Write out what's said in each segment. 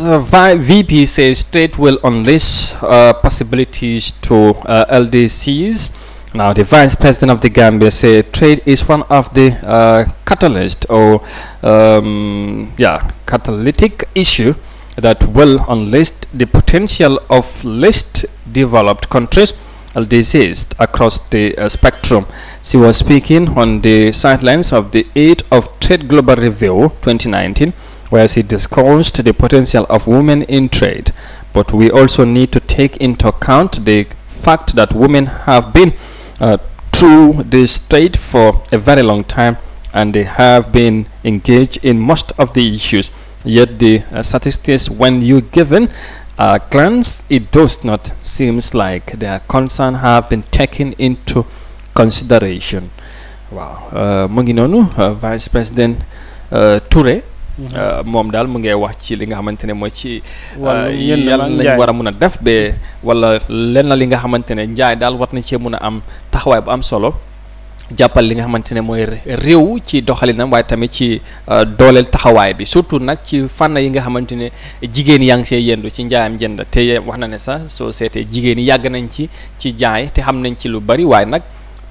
Uh, VP says state will unleash uh, possibilities to uh, LDCs. Now, the Vice President of the Gambia said trade is one of the uh, catalyst or um, yeah catalytic issue that will unleash the potential of least developed countries LDCs, across the uh, spectrum. She was speaking on the sidelines of the 8th of Trade Global Review 2019 where she discussed the potential of women in trade. But we also need to take into account the fact that women have been uh, through this trade for a very long time and they have been engaged in most of the issues. Yet the uh, statistics, when you given a uh, glance, it does not seems like their concern have been taken into consideration. Wow, uh, uh, Vice President uh, Toure Euh, moom daal mu ngay wax ci li nga xamante ne mooy ci. yàlla euh, nañ war a mun a def ba wala lenn li nga xamante ne njaay daal war na cee mun a am taxawaay bu am solo. jàppal li nga xamante ne mooy réew ci doxalinam waaye tamit ci euh, dooleel taxawaay bi surtout nag ci fànn yi nga xamante ne jigéen yaa ngi see yendu ci njaayam jënd te wax na ne sax soo seetee jigéen yàgg nañ ci ci jaay te xam nañ ci lu bari waaye nag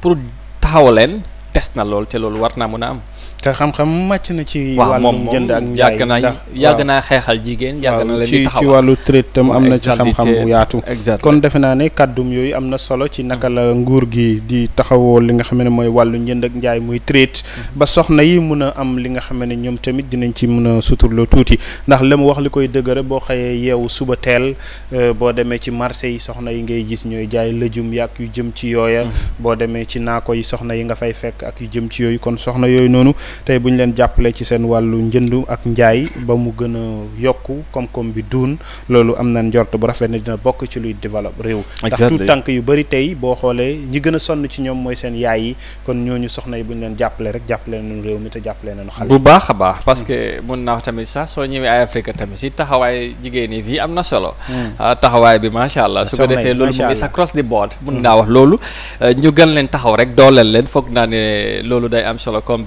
pour taxaw leen test na lool te loolu war naa mën a am. te xam-xam màcc na ci. wàllum jënd ak njaay yàgg yàgg naa xeexal jigéen. yàgg na leen wàllu traite tam am na ci xam-xam bu yaatu. kon defe naa ne kàddum yooyu am na solo ci naka la nguur gi di taxawoo li nga xam ne mooy wàllu njënd ak njaay muy traite. Mhm. ba soxna yi mun a am li nga xam ne ñoom tamit dinañ ci mun a suturloo tuuti ndax la mu wax li koy dëgëra boo xëyee yeewu suba teel euh, boo demee ci marché yi soxna yi ngay gis ñooy jaay lëjum yàq yu jëm ci yooya. Mhm. boo demee ci naako yi soxna yi nga fay fekk ak yu jëm ci yooyu tey bu ñu leen jàppale ci seen wàllu njëndu ak njaay ba mu gën a yokk koom-koom bi duun loolu am na njort bu rafet ne dina bokk ci luy développe réew ndax tout tànk yu bari tey boo xoolee ñi gën a sonn ci ñoom mooy seen yaay yi kon ñooñu soxna yi bu ñu leen jàppale rek jàppale nañu réew mi te jàppale nañu xale bu baax a baax parce mm. que mun naa wax tamit sax soo ñëwee ay Afrique tamit si taxawaay jigéen yi fii am na solo mm. ah, taxawaay bi macha allah su ko defee loolu mu ngi sa cross the board mun mm. naa wax loolu ah, ñu gën leen rek dooleel leen foog naa ne loolu am solo comme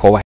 国外。